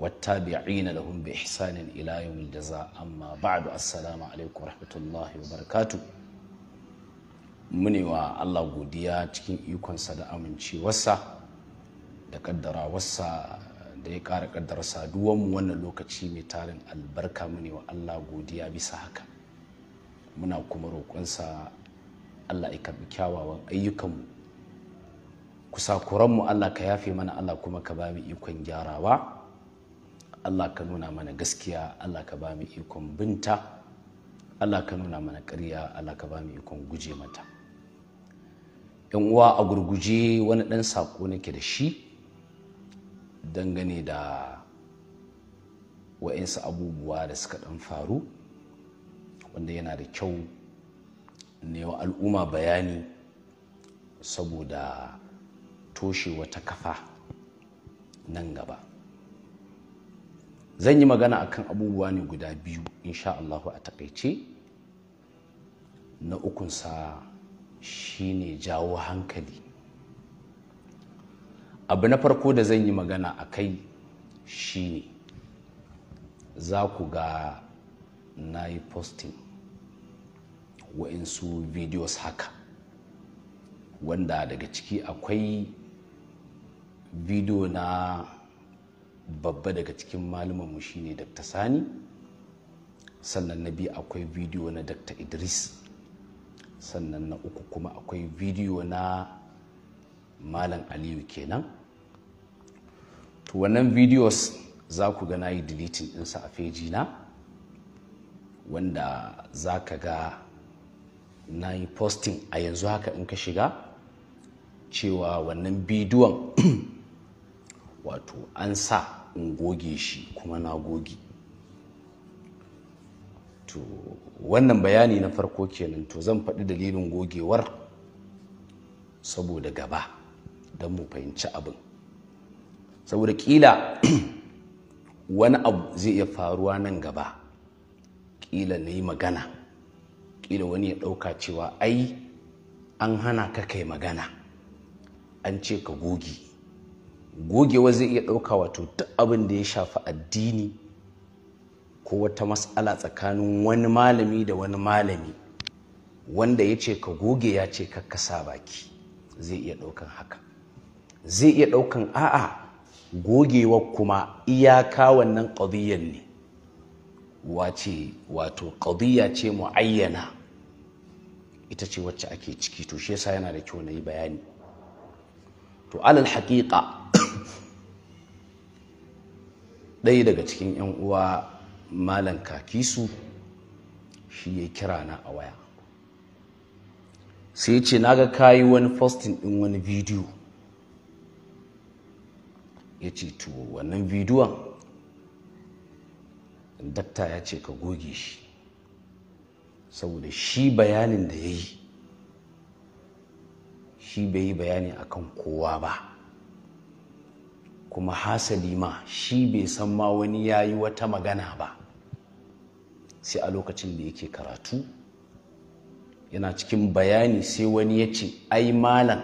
Wata والتابعين da بإحسان إلى يوم الجزاء أما بعد السلام عليكم ورحمة الله وبركاته muni wa Allah godiya cikin ikonsa da amincewarsa da kaddara wasa da ya ƙara kaddara saduwanmu wannan lokaci mai tarin albarka muni wa Allah godiya bisa haka muna kuma roƙonsa Allah ya karɓi kyawawan ayyukanmu kusakuranmu Allah ka yafe mana Allah kuma ka ba mu ikon gyarawa Allah ka nuna mana gaskiya Allah ka ba mu ikon binta Allah ka nuna mana ƙarya Allah ka ba mu ikon guje mata yan uwa a gurguje wani ɗan saƙo nake da shi dangane da wa'insu abubuwa da suka ɗan faru wanda yana da kyau ne wa al'umma bayani saboda toshe wata kafa nan gaba zan yi magana akan abubuwa ne guda biyu insha Allahu a takaice na ukunsa shine jawo hankali abu na farko da zan yi magana a kai shine za ku ga na yi posting wa'insu videos haka wanda daga ciki akwai video na babba daga cikin malumanmu shine dr sani sannan na biyu akwai bidiyo na dr idris sannan na uku kuma akwai bidiyo na malam aliyu kenan to wannan videos za ku ga na yi deleting ɗinsa a feji na wanda za ka ga na yi posting a yanzu haka in ka shiga cewa wannan bidiyon wato an sa in goge shi kuma na goge to wannan bayani na farko kenan to zan faɗi dalilin gogewar saboda gaba don mu fahimci abin saboda ƙila wani abu zai iya faruwa nan gaba ƙila na yi magana ƙila wani ya ɗauka cewa ai an hana ka kai magana an ce ka goge gogewa zai iya ɗauka wato duk abin da ya shafi addini ko wata matsala tsakanin wani malami da wani malami wanda ya ce ka goge ya ce ka kasa baki zai iya ɗaukan haka zai iya ɗaukan a'a gogewa kuma iyaka wannan ƙadiyyar ne wace wato ƙadiyya ce mu'ayyana ita ce wacce ake ciki to shi yana da kyau na yi bayani to alal haƙiƙa ɗaya daga cikin 'yan uwa malam kakisu shi ya kira na a waya sai ce na ga kayi wani fostin ɗin wani bidiyo ya ce to wannan bidiyon dakta ya ce ka goge shi saboda shi bayanin da ya yi shi bai yi bayani akan kowa ba kuma hasali ma shi bai san ma wani ya yi wata magana ba sai a lokacin da yake karatu yana cikin bayani sai wani ya ce ai malam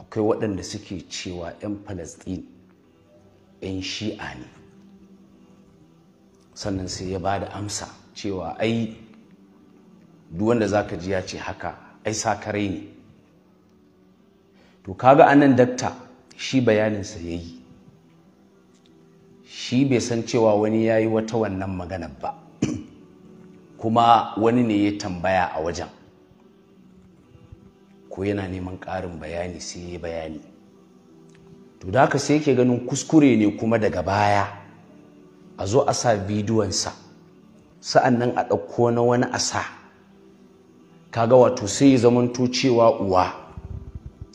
akwai waɗanda suke cewa 'yan Falasɗin, 'yan shi'a ne sannan sai ya ba da amsa cewa ai wanda za ka ji ya ce haka ai sakarai ne to kaga anan dakta shi bayaninsa ya yi shi bai san cewa wani ya yi wata wannan magana ba kuma wani ne ya tambaya a wajen ko yana neman ƙarin bayani sai ya bayani to da haka sai yake ganin kuskure ne kuma daga baya a zo a sa bidiyonsa sa'an nan a ɗauko na wani asa kaga wato sai ya zamanto cewa uwa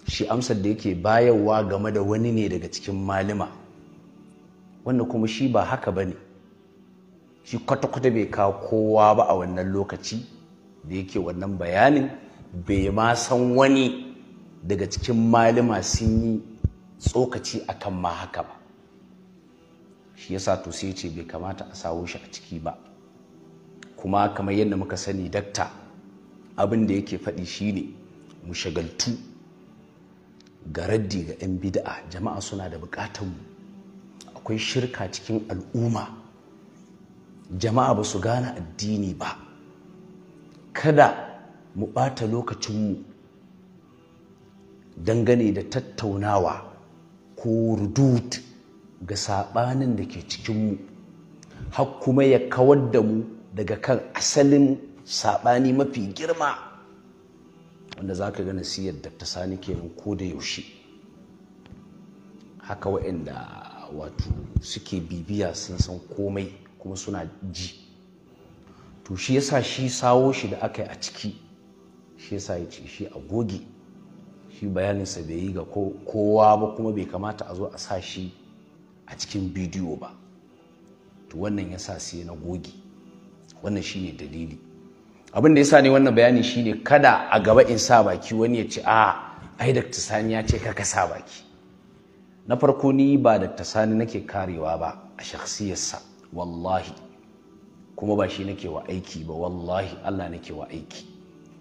shi amsar da yake bayarwa game da wani ne daga cikin malima wanda kuma shi ba haka ba ne shi kwata-kwata bai kawo kowa ba a wannan lokaci da yake wannan bayanin bai ma san wani daga cikin malima sun yi tsokaci akan ma haka ba shi yasa to sai ce bai kamata a sawo shi a ciki ba kuma kamar yadda muka sani dakta abin da yake faɗi shine mu shagaltu garaddi ga 'yan bida'a jama'a suna da mu akwai shirka cikin al'umma jama'a ba su gane addini ba kada mu ɓata lokacinmu dangane da tattaunawa ko rudut ga saɓanin da ke cikinmu har kuma ya kawar da mu daga kan asalin saɓani mafi girma wanda za ka ga siyar da ta sani kenan ko da yaushe haka waɗanda wato suke bibiya sun san komai kuma suna ji to shi yasa shi sawo shi da aka yi a ciki shi yasa ya ce shi a goge shi bayaninsa bai yi ga kowa ba kuma bai kamata a zo a sa shi a cikin bidiyo ba to wannan yasa sai na goge wannan shi ne dalili abin da sa ne wannan bayani shine kada a gaba in sa baki wani ya ce a ai Dr. Sani ya ce kaka sa baki na farko ni ba Dr. Sani nake karewa ba a shakhsiyarsa wallahi kuma ba shi nake wa aiki ba wallahi Allah nake wa aiki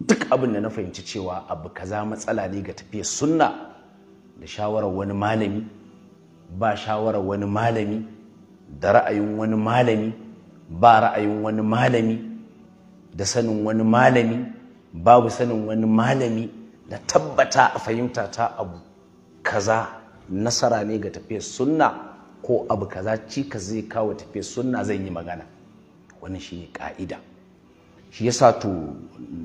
duk abin da na fahimci cewa abu kaza matsala ne ga tafiyar sunna da shawarar wani malami ba shawarar wani malami da ra'ayin wani malami ba ra'ayin wani malami da sanin wani malami babu sanin wani malami na tabbata a fahimta ta abu kaza nasara ne ga tafiyar sunna ko abu kaza ci ka zai kawo tafiyar sunna zan yi magana wannan shi ne ka'ida shi sa to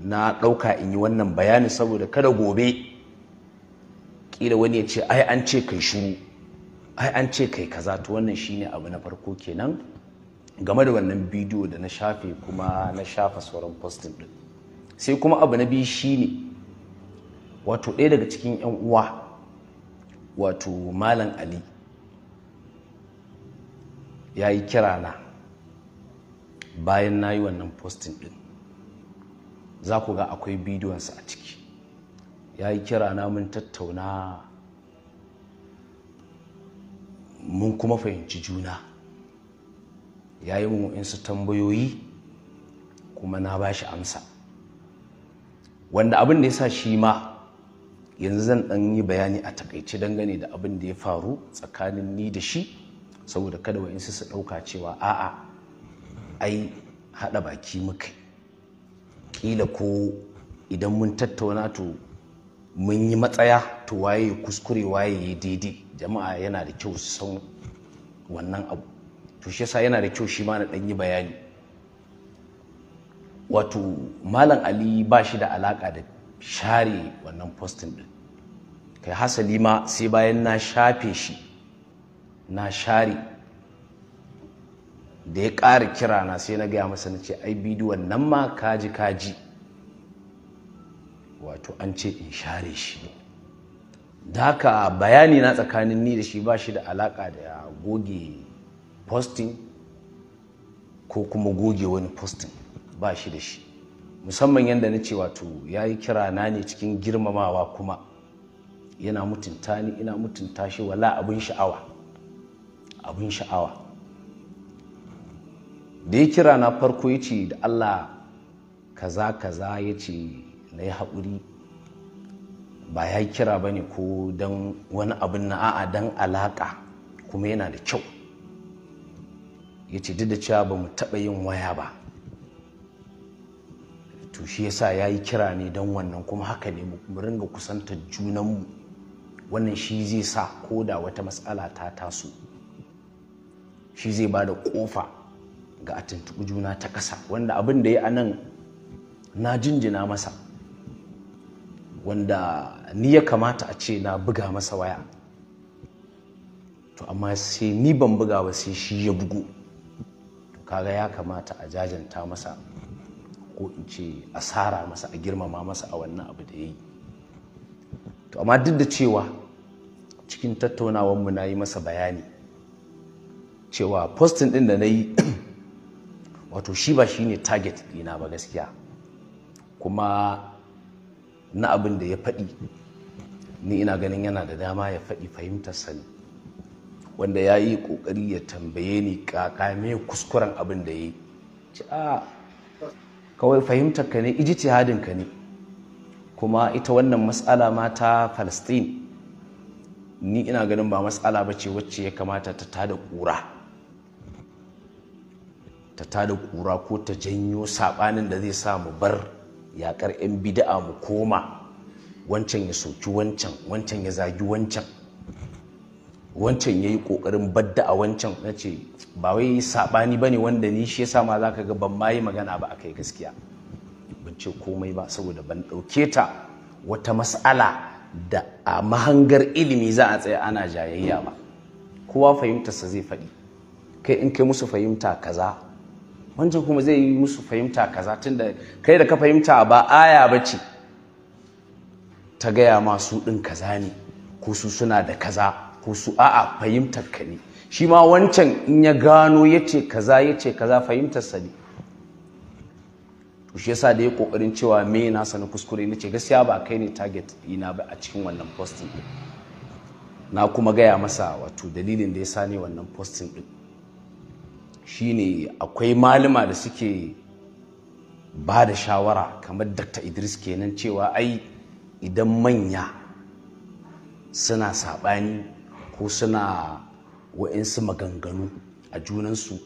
na ɗauka in yi wannan bayani saboda kada gobe ƙila wani ya ce ai an ce kai shuru ai an ce kai kaza to wannan shi ne, abu na farko kenan game da wannan bidiyo da na shafe kuma na shafa sauran postin din sai kuma abu na biyu shine wato ɗaya daga cikin 'yan uwa wato malam ali ya yi kirana bayan na yi wannan postin din za ku ga akwai bidiyonsa a ciki ya yi kirana mun tattauna mun kuma fahimci juna ya yi mun su tambayoyi kuma na ba shi amsa wanda abin da ya sa shi ma yanzu zan ɗan yi bayani a takaice dangane da abin da ya faru tsakanin ni da shi saboda kada wa'insu su ɗauka cewa a'a ai haɗa baki muka ƙila ko idan mun tattauna to mun yi matsaya to waye kuskure waye daidai jama'a yana da kyau su san wannan abu to shi yasa yana da kyau shi ma na ɗanyi bayani wato malam ali ba shi da alaƙa da share wannan postin ɗin kai hasali ma sai bayan na shafe shi na share da ya ƙara kira na sai na gaya masa na ce ai bidiyon nan ma kaji kaji wato an ce in share shi da haka bayani na tsakanin ni da shi ba shi da alaƙa da goge posting ko kuma goge wani posting ba shi da shi musamman yadda na ce wato ya yi kira na ne cikin girmamawa kuma yana mutunta ni ina mutunta shi wala abin sha'awa abin sha'awa da ya kira na farko ya ce da allah kaza kaza ya ce na yi haƙuri ba ya kira ba ne ko don wani abin na a'a don alaƙa kuma yana da kyau ya ce duk da cewa ba mu taɓa yin waya ba to shi ya sa ya yi kira ne don wannan kuma haka ne mu ringa kusantar junanmu wannan shi zai sa ko da wata matsala ta taso shi zai ba da ƙofa ga a tuntuɓi juna ta ƙasa wanda abin da ya anan na jinjina masa wanda ni ya kamata a ce na buga masa waya to amma sai ni ban buga ba sai shi ya bugu kaga ya kamata a jajanta masa ko in ce a sara masa a girmama masa a wannan abu da ya yi to amma duk da cewa cikin tattaunawanmu na yi masa bayani cewa postin ɗin da na yi wato shi ba shi ne target dina ba gaskiya kuma na abin da ya faɗi ni ina ganin yana da dama ya faɗi fahimtar sani wanda ya yi ƙoƙari ya tambaye ni kaka me kuskuren abin da ya yi ci a kawai fahimtar ka ne ijtihadin ka ne kuma ita wannan matsala ma ta Palestine ni ina ganin ba matsala ba ce wacce ya kamata ta tada ƙura ta tada ƙura ko ta janyo saɓanin da zai sa mu bar yaƙar 'yan bida'a mu koma wancan ya soki wancan wancan ya zagi wancan wancan ya yi ƙoƙarin badda a wancan na ce ba wai saɓani ba ne wanda ni shi yasa ma za ka ga ban mayi magana ba a kai gaskiya ban ce komai ba saboda ban ɗauke ta wata mas'ala da a mahangar ilimi za a tsaya ana jayayya ba kowa fahimtarsa zai faɗi kai in kai musu fahimta kaza wancan kuma zai yi musu fahimta kaza tunda kai da ka fahimta ba aya ba ce ta gaya ma su ɗin kaza ne ko su suna da kaza ko su a'a fahimtar ka ne shi ma wancan in ya gano ya ce kaza ya ce kaza fahimtar sa ne shi yasa da ya kokarin cewa me na sani kuskure na ce gaskiya ba kai ne target ina ba a cikin wannan posting din na kuma gaya masa wato dalilin da ya sa ne wannan posting din shine akwai malama da suke ba da shawara kamar dr idris kenan cewa ai idan manya suna saɓani ko suna wa'insu maganganu a junansu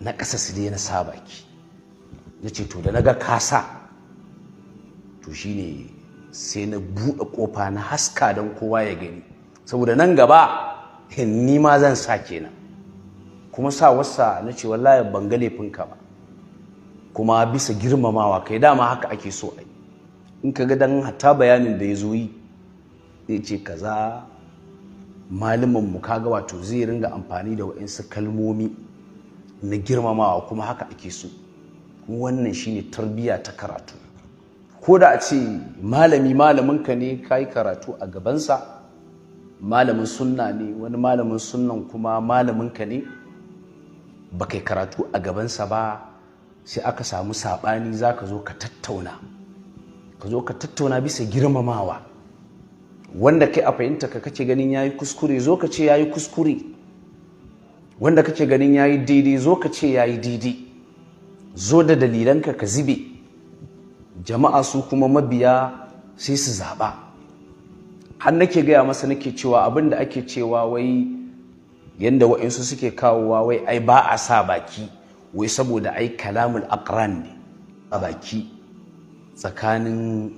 na ƙasa su daina sa baki ya ce to da na ga kasa to shine sai na buɗe ƙofa na haska don kowa ya gani saboda nan gaba ni ma zan sa kenan kuma sa wasa na ce wallahi ban ga laifinka ba kuma bisa girmamawa kai dama haka ake so a yi in ka ga don hata bayanin da ya zo yi Ya ce kaza mu kaga wato zai ringa amfani da waɗansu kalmomi na girmamawa kuma haka ake so wannan shine tarbiyya ta karatu ko da a ce malami malaminka ne ka yi karatu a gabansa malamin sunna ne wani malamin sunnan kuma malaminka ne ba kai karatu a gabansa ba sai aka samu saɓani za ka zo ka tattauna ka zo ka tattauna bisa girmamawa wanda kai a fahimta ka kace ganin yayi kuskure zo ka ce yayi kuskure wanda kake ganin yayi daidai zo ka ce yayi daidai zo da dalilanka ka zibe jama'a su kuma mabiya sai su zaɓa har nake gaya masa nake cewa abin da ake cewa wai yadda wa'insu suke kawowa wai ai ba a sa baki wai saboda ai kalamul akran ne a baki tsakanin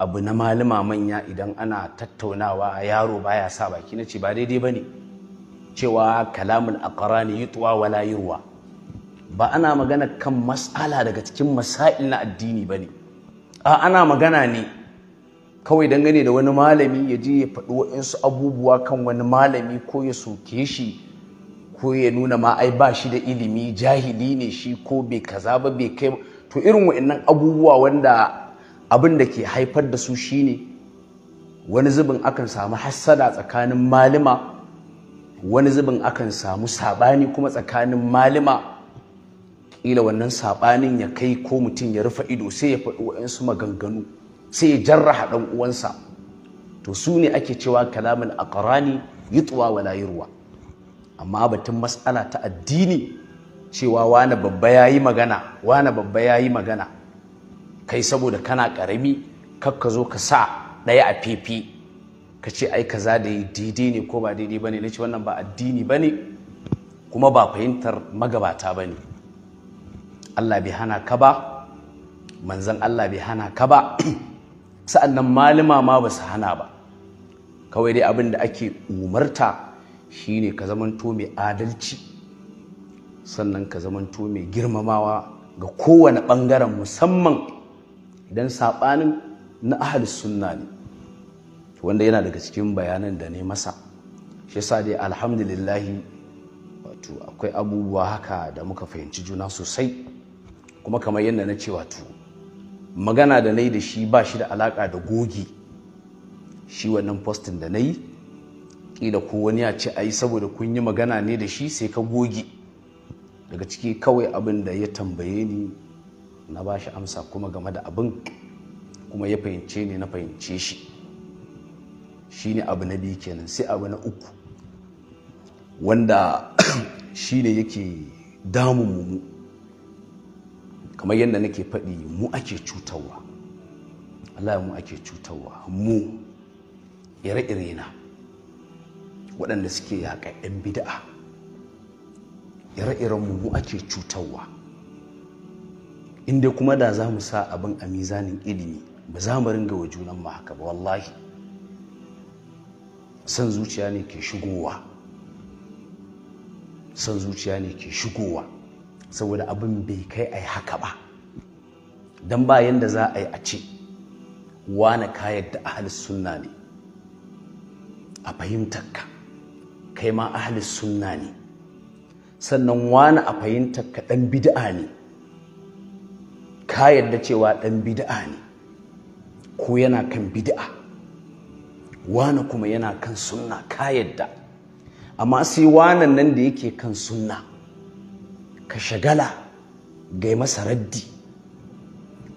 abu na malama manya idan ana tattaunawa yaro baya sa baki na ce ba daidai ba ne cewa kalamul yi tuwa wala yurwa ba ana magana kan mas'ala daga cikin masail na addini ba ne a ana magana ne kawai dangane da wani malami ya je ya faɗi waɗansu abubuwa kan wani malami ko ya soke shi ko ya nuna ma ai ba shi da ilimi jahili ne shi ko bai kaza ba bai kai to irin waɗannan abubuwa wanda abin da ke haifar da su shine wani zubin akan samu hassada tsakanin malima wani zubin akan samu sabani kuma tsakanin malima ƙila wannan sabanin ya kai ko mutum ya rufe ido sai ya faɗi wayansu maganganu sai ya jarraha ɗan uwansa to su ne ake cewa kalamin a yi tsuwa wa layirwa. amma batun matsala ta addini cewa wani babba ya yi magana wani babba ya yi magana kai saboda kana karami kar ka zo ka sa ɗaya a fifi ka ce ai kaza da yi daidai ne ko ba daidai ba ne na ce wannan ba addini ba kuma ba fahimtar magabata bane. ne allah bai hana ka ba manzan allah bai hana ka ba sa'an nan malama ma ba su hana ba kawai dai abin da ake umarta shine ka zamanto mai adalci sannan ka zamanto mai girmamawa ga kowane bangaren musamman idan saɓanin na ahalis sunna ne wanda yana daga cikin bayanan da ne masa shi sa dai alhamdulillahi wato akwai abubuwa haka da muka fahimci juna sosai kuma kamar yadda na ce wato magana da na yi da shi ba shi da alaƙa da gogi shi wannan postin da na yi ƙila ko wani ya ce a yi saboda kun yi magana ne da shi sai ka goge daga ciki kawai abin da ya tambaye ni na ba shi amsa kuma game da abin kuma ya fahimce ni na fahimce shi shi ne abu na biyu kenan sai abu na uku wanda shi ne yake damun mu kamar yadda nake faɗi mu ake cutarwa Allah mu ake cutarwa mu ire-ire na waɗanda suke yaƙa 'yan bida'a ire-iren mu mu ake cutarwa inda kuma da za mu sa abin a mizanin ilimi ba za mu ringa wa junan mu haka ba wallahi san zuciya ne ke shigowa san zuciya ne ke shigowa saboda abin bai kai a yi haka ba don ba yadda za a yi a ce wane ka yadda ahalis sunna ne a fahimtarka kai ma ahalis sunna ne sannan wani a fahimtarka ɗan bid'a ne ka yadda cewa ɗan bid'a ne ko yana kan bid'a wani kuma yana kan sunna ka amma sai wanan nan da yake kan sunna ka shagala gai masa raddi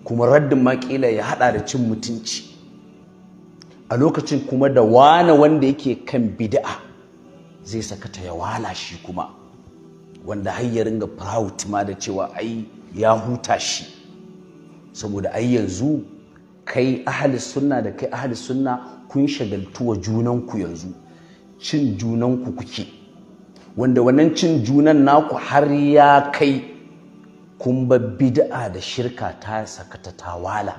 kuma raddin ma ya hada da cin mutunci a lokacin kuma da wane wanda yake kan bid'a zai sakata ya wala shi kuma wanda har ya ringa proud ma da cewa ai ya huta shi saboda ai yanzu kai ahli sunna da kai ahli sunna kun shagaltu shagaltuwa junanku yanzu cin junanku kuke wanda wannan cin junan naku har ya kai kun ba bid'a da shirka ta sakata tawala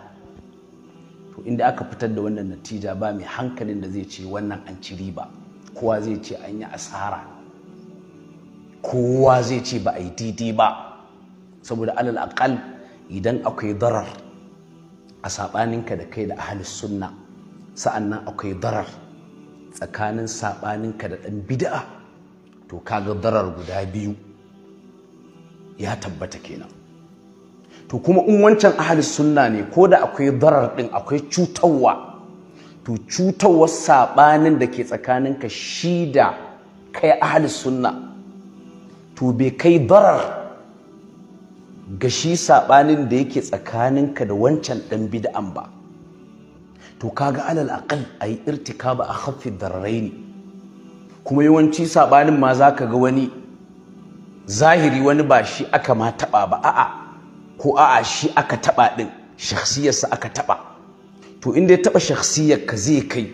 to inda aka fitar da wannan natija ba mai hankalin da zai ce wannan an ci riba kowa zai ce an yi asara kowa zai ce ba a yi daidai ba saboda alal aqal idan akwai darar a saɓaninka da kai da suna, sunna sa'annan akwai darar tsakanin saɓaninka da ɗan bida'a, to kaga darar guda biyu ya tabbata kenan to kuma in wancan ahalis sunna ne ko da akwai darar ɗin akwai cutarwa to cutarwar saɓanin da ke tsakaninka shi da kai ahalis sunna to bai kai darar ga shi saɓanin da yake tsakaninka da wancan ɗan bid'an ba to kaga alal aqal a irtikaba irtika ba a haffi ne. kuma yawanci saɓanin ma za ka ga wani zahiri wani ba shi aka ma taɓa ba a'a ko a'a shi aka taɓa ɗin shakhsiyarsa aka taɓa to inda ya taɓa shakhsiyar ka zai kai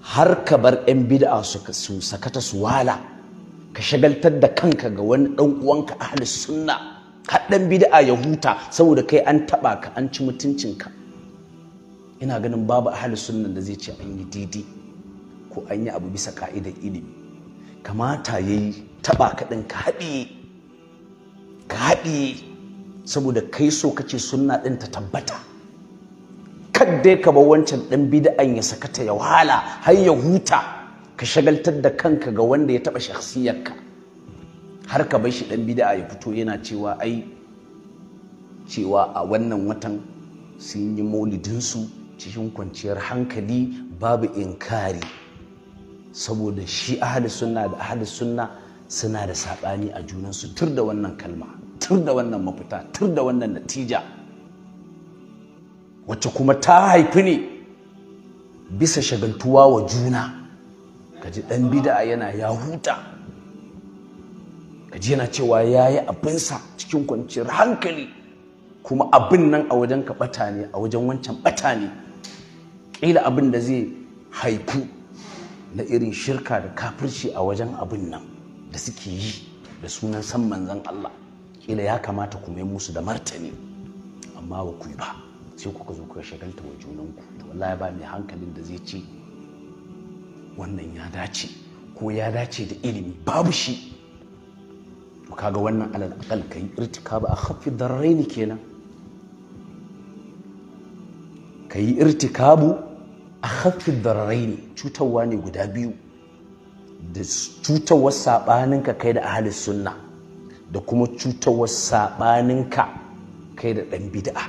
har ka bar 'yan bid'a su sakata su wala ka shagaltar da kanka ga wani ɗan uwanka ahli sunna haɗɗan bid'a ya huta saboda kai an taɓa ka an ci mutuncinka ina ganin babu ahli sunnan da zai ce an yi didi, ko an yi abu bisa ka'idar ilimi kamata ya yi taɓa ka ɗin ka haɗiye ka haɗiye saboda kai so kace sunna ɗin ta tabbata dai ka bar wancan ɗan bid'an ya sakata ya wahala har ya huta ka shagaltar da kanka ga wanda ya taɓa ka. har ka bai shi dan bid'a ya fito yana cewa ai cewa a wannan watan sun yi maulidinsu cikin kwanciyar hankali babu inkari saboda shi ahli sunna da ahli sunna suna da saɓani a junansu tur da wannan kalma tur da wannan mafita tur da wannan natija wacce kuma ta haifi ne bisa shagaltuwa wa juna kaji ɗan bida'a yana ya huta ji yana cewa ya yi abinsa cikin kwanciyar hankali kuma abin nan a wajen ka bata ne a wajen wancan bata ne ƙila abin da zai haiku na irin shirka da kafirci a wajen abin nan da suke yi da sunan san manzan Allah ƙila ya kamata ku mai musu da martani amma ba ku yi ba sai kuka zo kuka shagalta wa junanku to ya ba mai hankalin da zai ce wannan ya dace ko ya dace da ilimi babu shi ka ga wannan alal akal kai irtikaba akhaffi darraini kenan a irtikabu akhaffi darraini cutarwa ne guda biyu da cutarwar saɓaninka kai da ahli sunna da kuma cutarwar saɓaninka kai da ɗan bid'a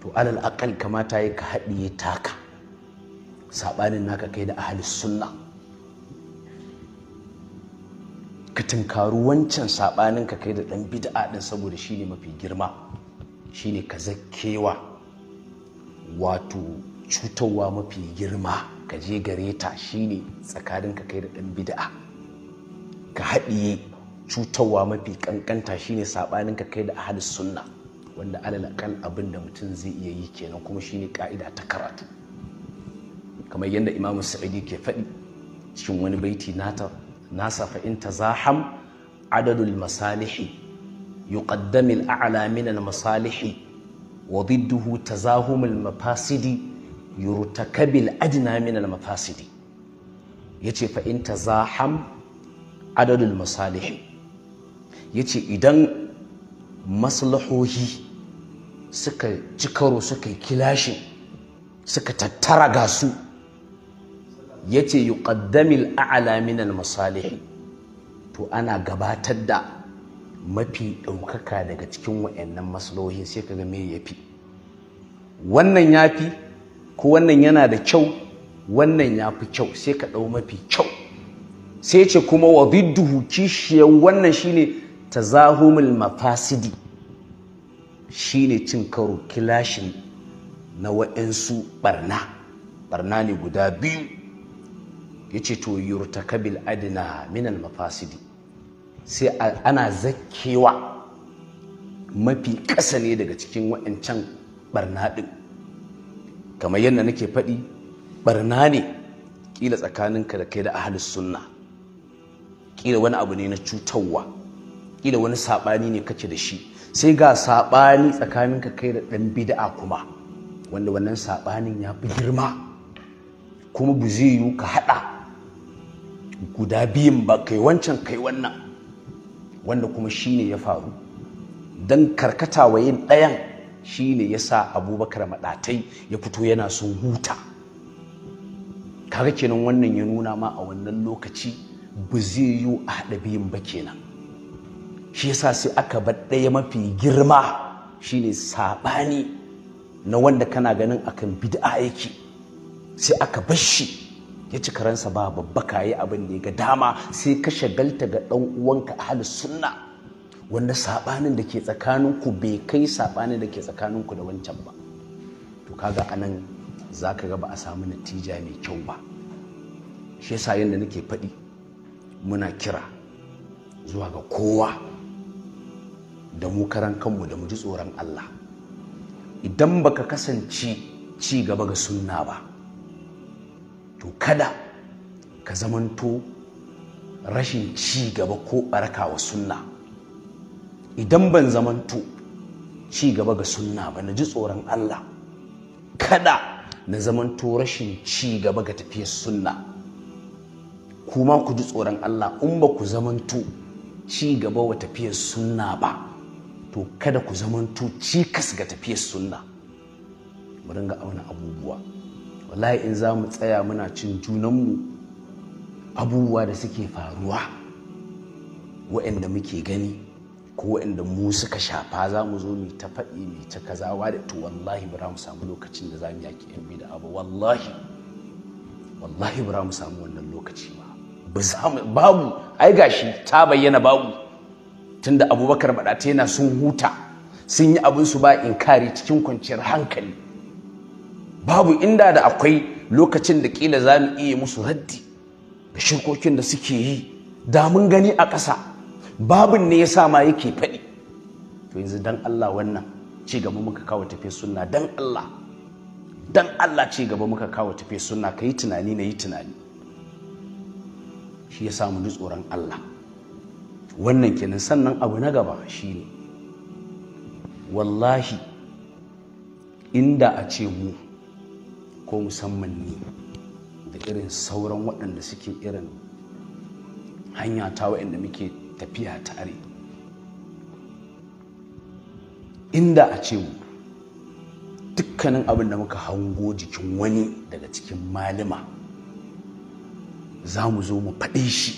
to alal akal kamata ya ka haɗiye taka saɓanin naka kai da ahli sunna ka tunkaru wancan saɓanin ka kai da ɗan bid'a ɗin saboda shi ne mafi girma shi ne ka zakewa wato cutarwa mafi girma ka je gare ta shi ne tsakanin ka kai da ɗan bid'a ka haɗiye cutarwa mafi ƙanƙanta shi ne saɓanin ka kai da ahad sunna wanda alalakal abin da mutum zai iya yi kenan kuma shi ne ƙa'ida ta karatu kamar yadda imamu sa'idi ke faɗi cikin wani baiti nata nasa fa in tazaham adadul masalihi yuqaddamil a'la min al masalihi wa ضده تزاهم المفاسد adna min al mafasidi yace fa in tazaham adadul masalihi yace idan maslahohi suka cikaro suka yi suka tattara gasu yace yuƙaddamil a'la min al masalihi to ana gabatar da mafi ɗaukaka daga cikin wa'annan maslohin sai kaga me fi. wannan ya fi ko wannan yana da kyau wannan ya fi kyau sai ka ɗau mafi kyau sai ce kuma wa bidduhu kishiyar wannan shine zahumul mafasidi shine cin karo kilashin na wa'ansu barna barna ne guda biyu ya ce to yurtakabil adina minal mafasidi sai ana zakkewa mafi ƙasa ne daga cikin waɗancan barna ɗin kamar yadda nake faɗi barna ne ƙila tsakaninka da kai da ahalus sunna ƙila wani abu ne na cutarwa ƙila wani saɓani ne kake da shi sai ga saɓani tsakaninka kai da ɗan bida'a kuma wanda wannan saɓanin ya fi girma kuma bu zai ka haɗa guda biyun ba kai wancan kai wannan wanda kuma shi ne ya faru don karkata wa yin ɗayan shine ya sa abubakar maɗatai ya fito yana sun huta kaga kenan wannan ya nuna ma a wannan lokaci ba zai yi a haɗa biyun ba kenan shi yasa sai aka bar ɗaya mafi girma shi ne saɓani na wanda kana ganin akan bid'a yake sai aka bar shi ya ci karansa ba babba ka yi abin da ya ga dama sai ka shagalta ga ɗan uwanka ahli sunna wanda saɓanin da ke tsakaninku bai kai saɓanin da ke tsakaninku da wancan ba to kaga anan za ka ga ba a samu natija mai kyau ba shi yasa yadda nake faɗi muna kira zuwa ga kowa da mu karan kanmu da mu ji tsoron Allah idan baka kasance ci gaba ga sunna ba to kada ka zamanto rashin ci gaba ko baraka wa sunna idan ban zamanto ci gaba ga sunna ba na ji tsoron Allah kada na zamanto rashin ci gaba ga tafiyar sunna kuma ku ji tsoron Allah in ba ku zamanto ci gaba wa tafiyar sunna ba to kada ku zamanto cikas ga tafiyar sunna mu ringa auna abubuwa wallahi in za mu tsaya muna cin junanmu abubuwa da suke faruwa waɗanda muke gani ko waɗanda mu suka shafa za mu zo mu ta faɗi mu ta kazawa da to wallahi ba mu samu lokacin da za mu yaƙi yan bida ba wallahi wallahi ba mu samu wannan lokaci ba babu ai gashi ta bayyana babu tunda abubakar ta yana sun huta sun yi abin su ba inkari cikin kwanciyar hankali babu inda da akwai lokacin da kila za mu iya musu raddi da shirkokin da suke yi da mun gani a ƙasa babin ne ya sa ma yake faɗi to yanzu dan Allah wannan ci gaba muka kawo tafe sunna dan Allah dan Allah ci gaba muka kawo tafe sunna kai tunani na yi tunani shi ya samu ji tsoron Allah wannan kenan sannan abu na gaba shine wallahi inda a ce mu ko musamman ne da irin sauran waɗanda suke irin hanya ta waɗanda muke tafiya tare inda a ce mu dukkanin abin da muka hango jikin wani daga cikin malima, za mu zo mu faɗe shi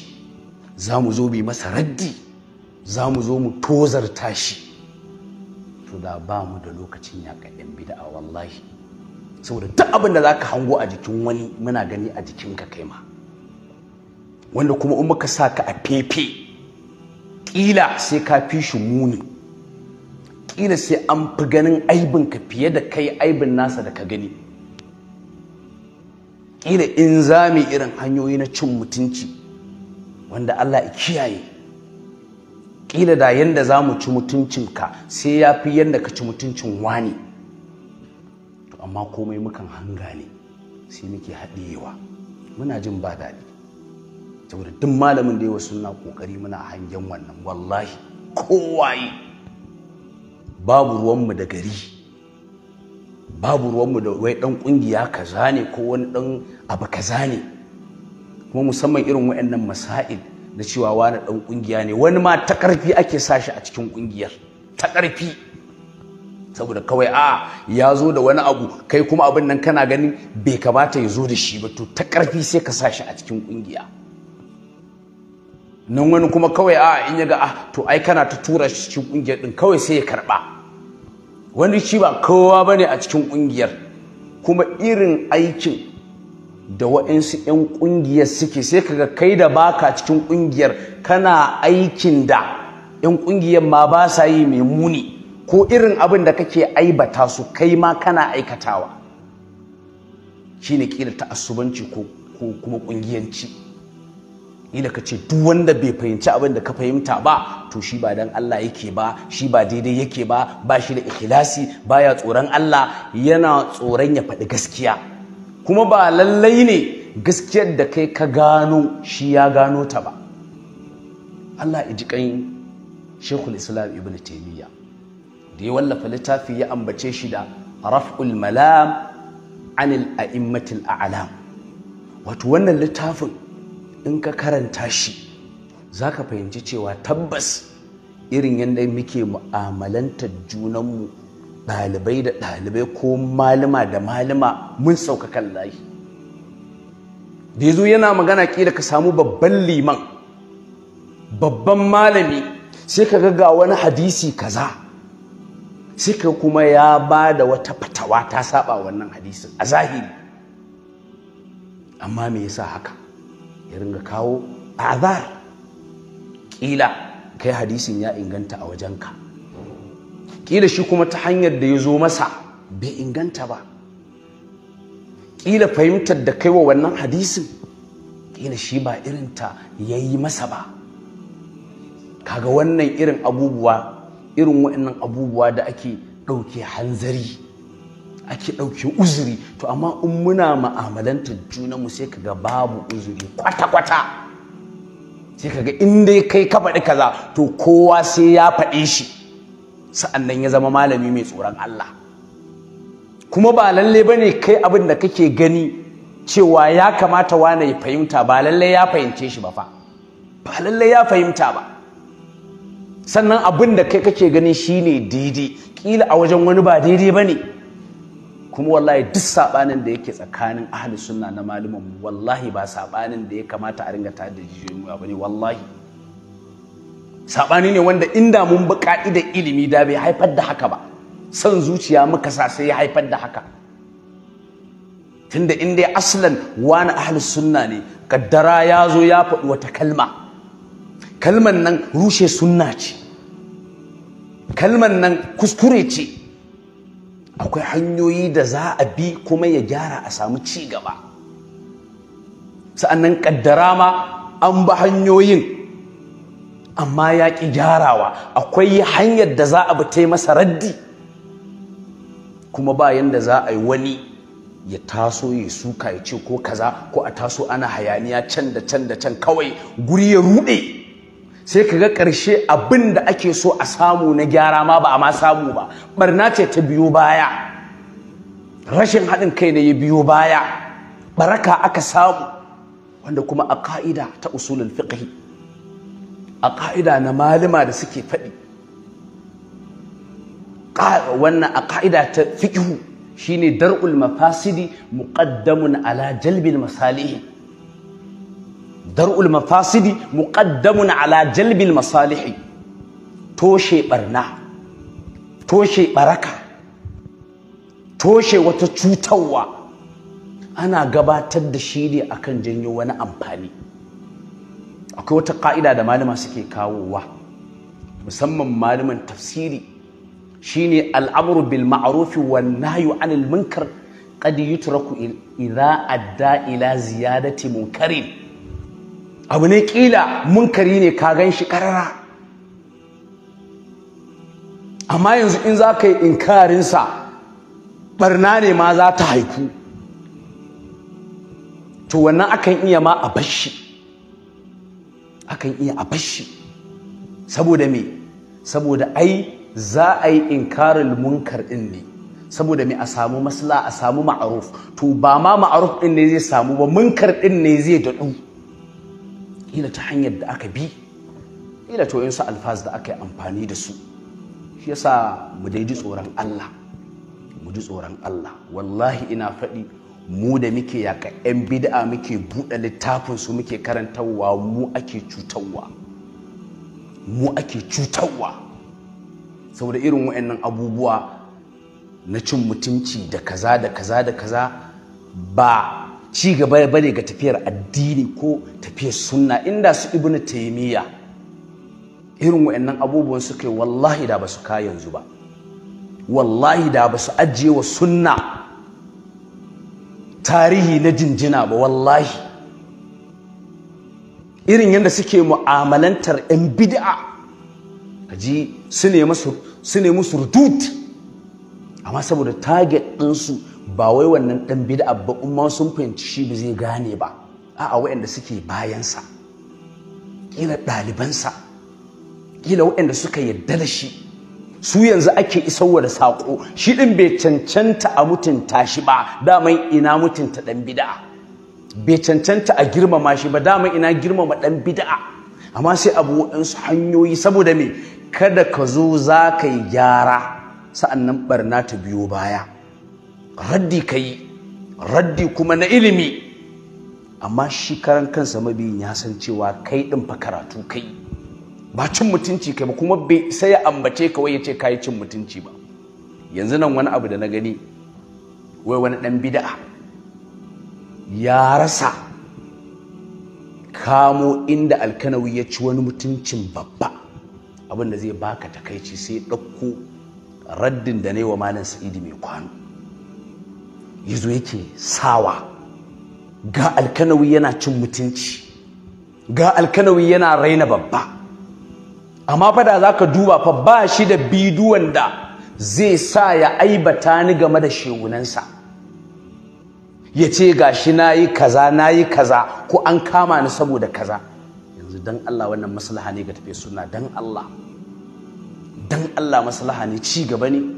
za mu zo bi masa raddi za mu zo mu tozarta shi to da ba mu da lokacin yaƙa 'yan a wallahi saboda duk abin da za ka hango a jikin wani muna gani a jikinka kai ma wanda kuma in muka sa ka a fefe ƙila sai ka fi shi muni ƙila sai an fi ganin aibin ka fiye da kai aibin nasa da ka gani ƙila in za mu irin hanyoyi na cin mutunci wanda Allah ya kiyaye ƙila da yanda za mu ci mutuncinka sai ya fi yanda ka ci mutuncin wani amma komai mukan hanga ne sai muke haɗewa muna jin ba daɗi saboda duk malamin da yawa suna ƙoƙari muna hangen wannan wallahi kowaye babu ruwanmu da gari babu ruwanmu da wai ɗan ƙungiya kaza ne ko wani ɗan abu kaza ne kuma musamman irin waɗannan masa'il na cewa wani ɗan ƙungiya ne wani ma ta ƙarfi ake sa shi a cikin ƙungiyar ta ƙarfi saboda kawai a ah, ya zo da wani abu kai kuma abin nan kana ganin bai kamata ya zo da shi ba to ta ƙarfi sai ka sa shi a cikin ƙungiya nan wani kuma kawai a ah, in ya ga a ah, to ai kana ta tura shi cikin ƙungiyar ɗin kawai sai ya karɓa wani shi ba kowa ba ne a cikin ƙungiyar kuma irin aikin da waɗansu 'yan ƙungiyar suke sai kaga kai da baka cikin ƙungiyar kana aikin da 'yan ƙungiyar ma ba sa yi mai muni ko irin abin da kake aibata su kai ma kana aikatawa Shi shine kila ta'assubanci ko kuma ƙungiyanci. ila ka ce duk wanda bai fahimci abin da ka fahimta ba to shi ba dan Allah yake ba shi ba daidai yake ba ba shi da ikhlasi baya tsoron Allah yana tsoron ya faɗi gaskiya kuma ba lallai ne gaskiyar da kai ka gano shi ya gano ta ba Allah ijikan Shekul Islam Ibn Taymiyyah da ya wallafa littafi ya ambace shi da raf'ul malam anil a'immatil a'lam wato wannan littafin in ka karanta shi za ka fahimci cewa tabbas irin yadda muke mu'amalantar junanmu ɗalibai da ɗalibai ko malama da malama mun sauka kan layi da ya zo yana magana ƙila ka samu babban liman babban malami sai ka ga wani hadisi kaza suka kuma ya ba da wata fatawa ta saba wannan hadisin a zahiri amma me yasa haka ya ringa kawo azar kila kai hadisin ya inganta a wajenka kila shi kuma ta hanyar da ya zo masa bai inganta ba kila fahimtar da kai wa wannan hadisin kila shi ba irinta ya yi masa ba kaga wannan irin abubuwa irin waɗannan abubuwa da ake ɗauke hanzari ake ɗauke uzuri to amma in muna ma'amalanta juna mu sai kaga babu uzuri kwata-kwata sai kaga in dai kai ka faɗi kaza to kowa sai ya faɗe shi sa'annan ya zama malami mai tsoron Allah kuma ba lalle bane kai abin da kake gani cewa ya kamata wane ya fahimta ba lalle ya fahimce shi ba fa ba lalle ya fahimta ba sannan abin da kai kake ganin shine daidai kila a wajen wani ba daidai bane kuma wallahi duk sabanin da yake tsakanin ahli sunna na malumin wallahi ba sabanin da ya kamata a ringa tare da jijiyoyin ba ne wallahi sabani ne wanda inda mun bi ka'idar ilimi da bai haifar da haka ba San zuciya muka sa sai ya haifar da haka tunda in dai aslan wani ahli sunna ne kaddara ya zo ya faɗi wata kalma kalman nan rushe sunna ce kalman nan kuskure ce akwai hanyoyi da za a bi kuma ya gyara a samu ci gaba sa'annan kaddara ma an ba hanyoyin amma ya ƙi gyarawa akwai hanyar da za a bi ta masa raddi kuma bayan da za a yi wani ya taso ya suka ya ce ko kaza ko a taso ana hayaniya can da can da can kawai guri ya ruɗe sai ka ga ƙarshe abin da ake so a samu na gyara ma ba a ma samu ba barna ce ta biyo baya rashin haɗin kai ne ya biyo baya baraka aka samu wanda kuma a ƙa'ida ta usulul fiqh a ƙa'ida na maluma da suke faɗi wannan a ƙa'ida ta fiqhu shine dar'ul mafasidi muqaddamun ala jalbil masalih dar'ul mafasidi muqaddamun ala jalbil masalihi toshe barna toshe baraka toshe wata cutarwa ana gabatar da shi ne akan janyo wani amfani akwai wata ka'ida da malama suke kawowa musamman malaman tafsiri shine al'amru bil ma'ruf wan nahyu 'anil munkar qad yutraku idza adda ila ziyadati munkarin abu ne kila munkari ne ka gan shi karara amma yanzu in za ka yi inkarinsa barna ne ma za ta haiku to wannan akan iya ma a bashi akan iya a bashi saboda me saboda ai za a yi inkarin munkar ɗin ne saboda me a samu masla a samu ma'aruf to ba ma ma'aruf ɗin ne zai samu ba munkar ɗin ne zai daɗu kila ta hanyar da aka bi kila ta wayansu alfaz da aka yi amfani da su shi yasa mu dai ji tsoron Allah mu ji tsoron Allah wallahi ina faɗi mu da muke yaka 'yan bid'a muke buɗe littafin su muke karantarwa mu ake cutarwa mu ake cutarwa saboda irin wa'annan abubuwa na cin mutunci da kaza da kaza da kaza ba ci gaba bane ga tafiyar addini ko tafiyar sunna inda su ibnu taimiyya. irin wa'annan abubuwan su kai wallahi da ba su ka yanzu ba wallahi da ba su ajiye wa sunna tarihi na jinjina ba wallahi irin yadda suke mu'amalantar 'yan bid'a aji su ne musu rudut amma saboda target ɗinsu ba wai wannan ɗan bid'a ba umma sun fahimci shi ba zai gane ba a'a waɗanda suke bayansa kila ɗalibansa kila waɗanda suka yarda da shi su yanzu ake isowa da saƙo shi ɗin bai cancanta a mutunta shi ba daman ina mutunta ɗan bida'a bai cancanta a girmama shi ba daman ina girmama ɗan bida'a amma sai abu waɗansu hanyoyi saboda me kada ka zo za ka yi gyara sa'an sa'annan ɓarna ta biyo baya raddi ka yi raddi kuma na ilimi amma shi karan kansa mabiyin ya san cewa kai ɗin fa karatu yi ba cin mutunci kai ba kuma sai ya ambace ka wai ya ce kayi cin mutunci ba yanzu nan wani abu da na gani wai wani ɗan bida'a ya rasa kamo inda alkanawi ya ci wani mutuncin babba abin da zai baka takaici sai ɗauko raddin da na yi wa malam sa'idi mai kwano ya yake sawa ga alkanawi yana cin mutunci ga alkanawi yana raina babba amma fa da za ka duba fa ba shi da biduwan da zai sa ya aibata ni game da shegunansa ya ce ga shi na yi kaza na yi kaza ko an kama ni saboda kaza yanzu don Allah wannan maslaha ne ga tafiya suna don Allah don Allah maslaha ne ci gaba ne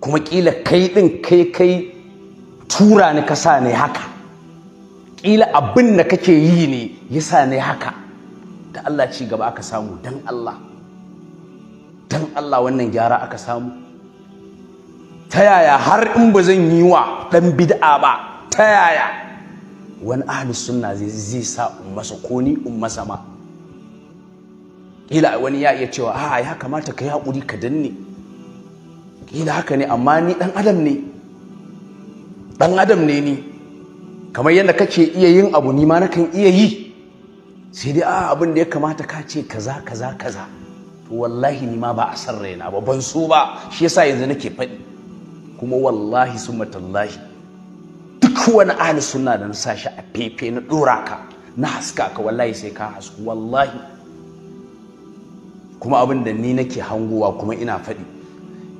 kuma ƙila kai ɗin kai kai tura ni ka sa ni haka Ƙila abin da kake yi ne ya sa ni haka da Allah ci gaba aka samu dan Allah dan Allah wannan gyara aka samu ta yaya har in ba zan yi wa dan bid'a ba ta yaya wani ahli sunna zai sa ummasa ko ni ummasa ma kila wani ya iya cewa aa ya kamata ka yi haƙuri ka danne kila haka ne amma ni dan adam ne dan adam ne ni kamar yadda kake iya yin abu ni ma nakan iya yi sai dai a abin da ya kamata ka ce kaza kaza kaza to wallahi ni ma ba a san raina ba ban so ba shi yasa yanzu nake faɗi kuma wallahi matallahi. duk wani ahli sunna da na sa shi a fefe na dora ka na haska ka wallahi sai ka hasku wallahi kuma abin da ni nake hangowa kuma ina faɗi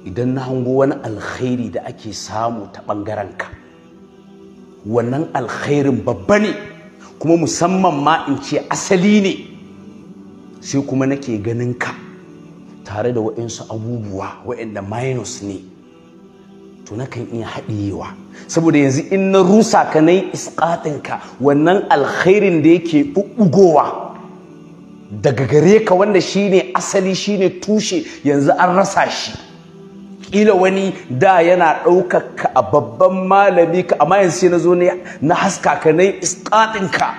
idan na hango wani alkhairi da ake samu ta ɓangarenka wannan alkhairin babba ne kuma musamman ma in ce asali ne sai kuma nake ganin ka tare da waɗansu abubuwa waɗanda minus ne to nakan iya haɗiyewa saboda yanzu in na rusa ka na yi iskatinka wannan alkhairin da yake ɓuɓɓugowa daga gare ka wanda shine asali shine tushe yanzu an rasa shi kila wani da yana ɗaukar ka a babban malami ka amma yanzu sai na zo na haska ka na yi ka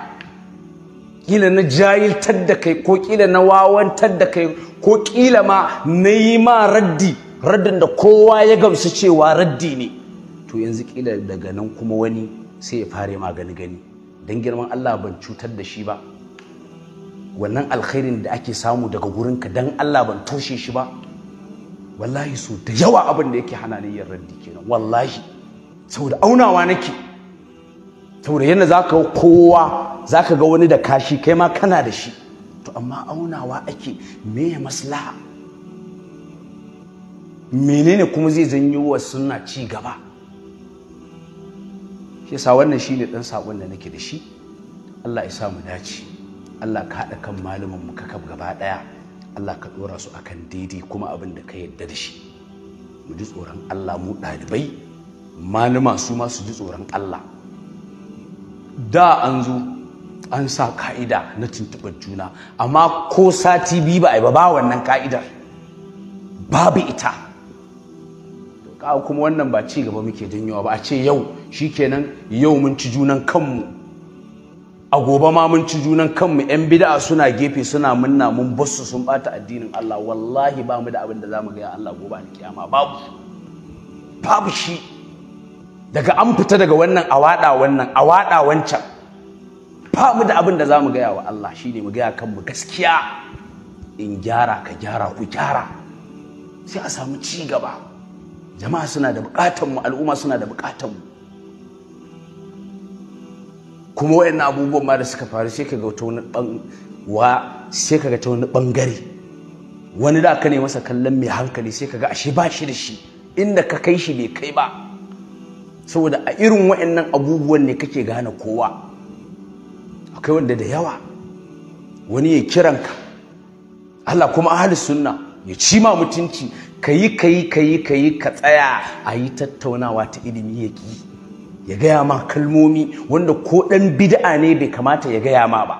kila na jayiltar da kai ko kila na wawantar da kai ko kila ma na yi ma raddi raddin da kowa ya gamsu cewa raddi ne to yanzu kila daga nan kuma wani sai ya fare ma gani gani don girman Allah ban cutar da shi ba wannan alkhairin da ake samu daga gurinka don Allah ban toshe shi ba wallahi so da yawa abin da yake hana ni yin raddi kenan wallahi saboda aunawa nake saboda yadda za ka kowa za ka ga wani da kashi kai ma kana da shi to amma aunawa ake me ya maslaha menene kuma zai janyo wa suna ci gaba shi yasa wannan shi ne dan sakon da nake da shi Allah ya sa mu dace Allah ka haɗa kan malamin mu ka gaba ɗaya Allah ka ɗora su akan daidai kuma abin da ka yadda da shi mu ji tsoron Allah mu ɗalibai malama su ma su ji tsoron Allah da an zo an sa ka'ida na tuntuɓar juna amma ko sati biyu ba a yi ba ba wannan ka'idar babu ita kuma wannan ba ci gaba muke janyowa ba a ce yau shikenan yau mun ci junan kanmu a gobe ma mun ci junan kanmu yan bid'a suna gefe suna munna mun basu sun bata addinin Allah wallahi ba mu da abin da za mu ga Allah gobe an kiyama babu babu shi daga an fita daga wannan awada wannan awada wancan ba mu da abin da za mu gaya wa Allah shine mu gaya kanmu gaskiya in gyara ka gyara ku gyara sai a samu ci gaba jama'a suna da bukatan mu al'umma suna da bukatan mu kuma wayannan abubuwan ma da suka faru sai kaga ta wani kaga ta wani bangare wani da ka ne masa kallon mai hankali sai kaga ashe ba shi da shi inda ka kai shi bai kai ba saboda a irin wayannan abubuwan ne kake gane kowa akwai wanda da yawa wani ya kiran ka. Allah kuma ahli sunna ya ci ma mutunci kayi kayi kayi kayi ka tsaya a yi tattaunawa ta ilimi ya ki ya gaya ma kalmomi wanda ko ɗan bid'a ne bai kamata ya gaya ma ba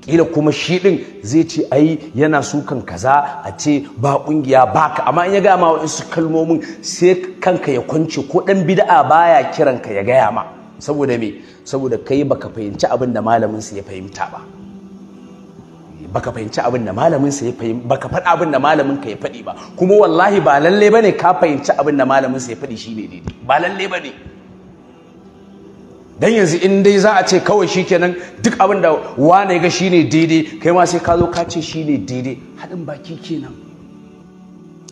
kila kuma shi ɗin zai ce ai yana sukan kaza a ce ba ƙungiya ka. amma in ya gaya ma waɗansu kalmomin sai kanka ya kwance ko ɗan bid'a baya kiranka ya gaya ma saboda me saboda kai baka fahimci abin da malamin ya fahimta ba baka fahimci abin da malamin sa ya fahimta baka faɗa abin da malamin ka ya faɗi ba kuma wallahi ba lalle bane ka fahimci abin da malamin sa ya faɗi shine daidai ba lalle bane dan yanzu in dai za a ce kawai shikenan duk abin da wane ga shine daidai kai ma sai ka zo ka ce shine daidai haɗin baki kenan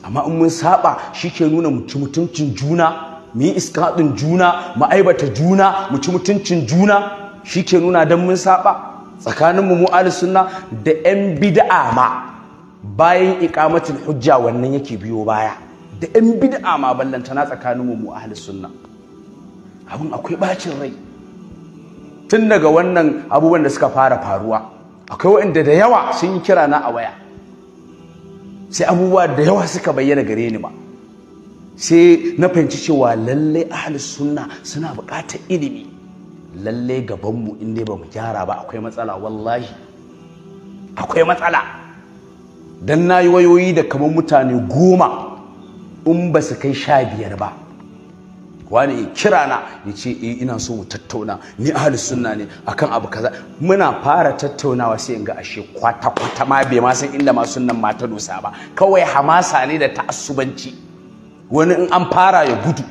amma in mun saba shike nuna mutuncin juna mu yi iskaɗin juna mu aibata juna mu ci mutuncin juna shike nuna dan mun saba tsakaninmu mu mu'alis sunna da yan bid'a ma bayan iqamatul hujja wannan yake biyo baya da yan bid'a ma ballantana tsakaninmu mu mu'alis sunna abin akwai bacin rai tun daga wannan abubuwan da suka fara faruwa akwai waɗanda da yawa sun yi kira na a waya sai abubuwa da yawa suka bayyana gare ni ba sai na fahimci cewa lallai ahalus sunna suna buƙatar ilimi lallai gabanmu in dai ba mu gyara ba akwai matsala wallahi akwai matsala Dan na yi wayoyi da kamar mutane goma in ba su kai sha biyar ba wani kira na ya ce eh ina so mu tattauna ni ahli sunna ne akan abu kaza muna fara tattaunawa sai in ga ashe kwata kwata ma bai ma san inda ma sunnan ma ta dosa ba kawai hamasa ne da ta'assubanci wani in an fara ya gudu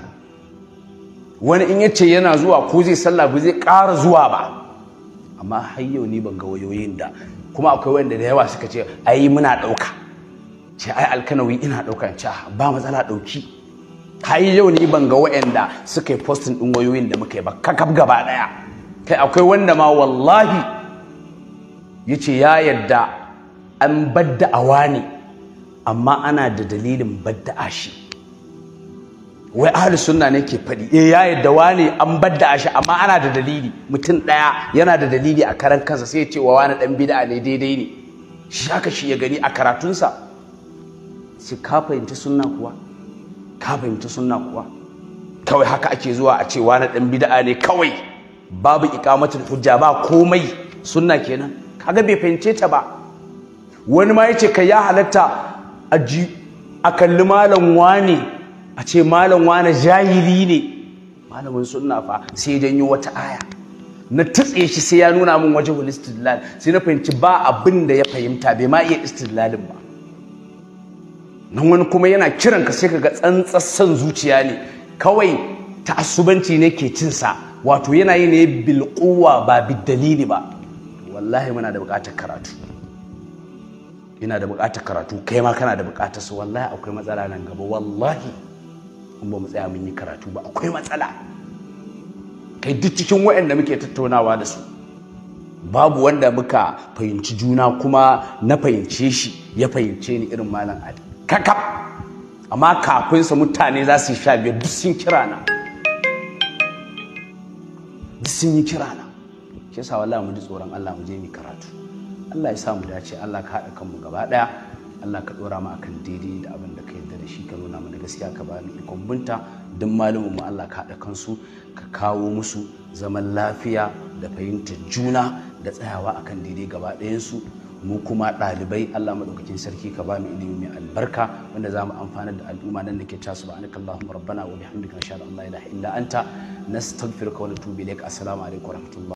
wani in yace yana zuwa ko zai sallah ba zai ƙara zuwa ba amma har yau ni ban ga wayoyin da kuma akwai wanda da yawa suka ce ai muna ɗauka ce ai alkanawi ina ɗauka ce ba matsala ɗauki har yau ni ban ga waɗanda suka yi postin ɗin wayoyin da muka yi ba kakaf gaba ɗaya kai akwai wanda ma wallahi ya ce ya yadda an badda a wani amma ana da dalilin badda shi. wai ahli sunna ne ke faɗi eh ya yadda wani an badda shi amma ana da dalili mutum ɗaya yana da dalili a karan kansa sai ya ce wa wani ɗan bid'a ne daidai ne shi haka shi ya gani a karatunsa sai ka fahimci sunna kuwa ka fahimci sunna kuwa kawai haka ake zuwa a cewa na ɗan bida'a ne kawai babu iqamatul hujja ba komai sunna kenan kaga bai fahimce ta ba wani ma yace kai ya halatta a a kalli malam wane a ce malam wane jahili ne malamin sunna fa sai janyo wata aya na tutse shi sai ya nuna min waje wani istidlal sai na fahimci ba abin da ya fahimta bai ma iya istidlalin ba nan wani kuma yana kiran ka sai kaga tsantsan son zuciya ne kawai ta ta'assubanci ne ke cinsa wato yana yi ne bil ba bid dalili ba wallahi muna da buƙatar karatu ina da buƙatar karatu kai ma kana da buƙatar su wallahi akwai matsala nan gaba wallahi in ba mu tsaya mun yi karatu ba akwai matsala kai duk cikin waɗanda muke tattaunawa da su babu wanda muka fahimci juna kuma na fahimce shi ya fahimce ni irin malam adi kakaf amma kafin mutane za su sha biyar duk sun kira na duk sun yi kira na ke sa wallahi mu ji tsoron Allah mu je mu karatu Allah ya sa mu dace Allah ka haɗa kanmu gaba ɗaya Allah ka ɗora mu akan daidai da abin da ka yarda da shi ka nuna mana gaskiya ka bani ikon binta don malamin mu Allah ka haɗa kansu ka kawo musu zaman lafiya da fahimtar juna da tsayawa akan daidai gaba ɗayansu mu kuma ɗalibai Allah maɗaukakin sarki ka ba mu ilimi mai albarka wanda za mu amfana da al'umma nan da ke tasu ba anaka Allahumma rabbana wa bihamdika nashhadu an la ilaha illa anta nastaghfiruka wa natubu ilayk assalamu alaikum wa rahmatullah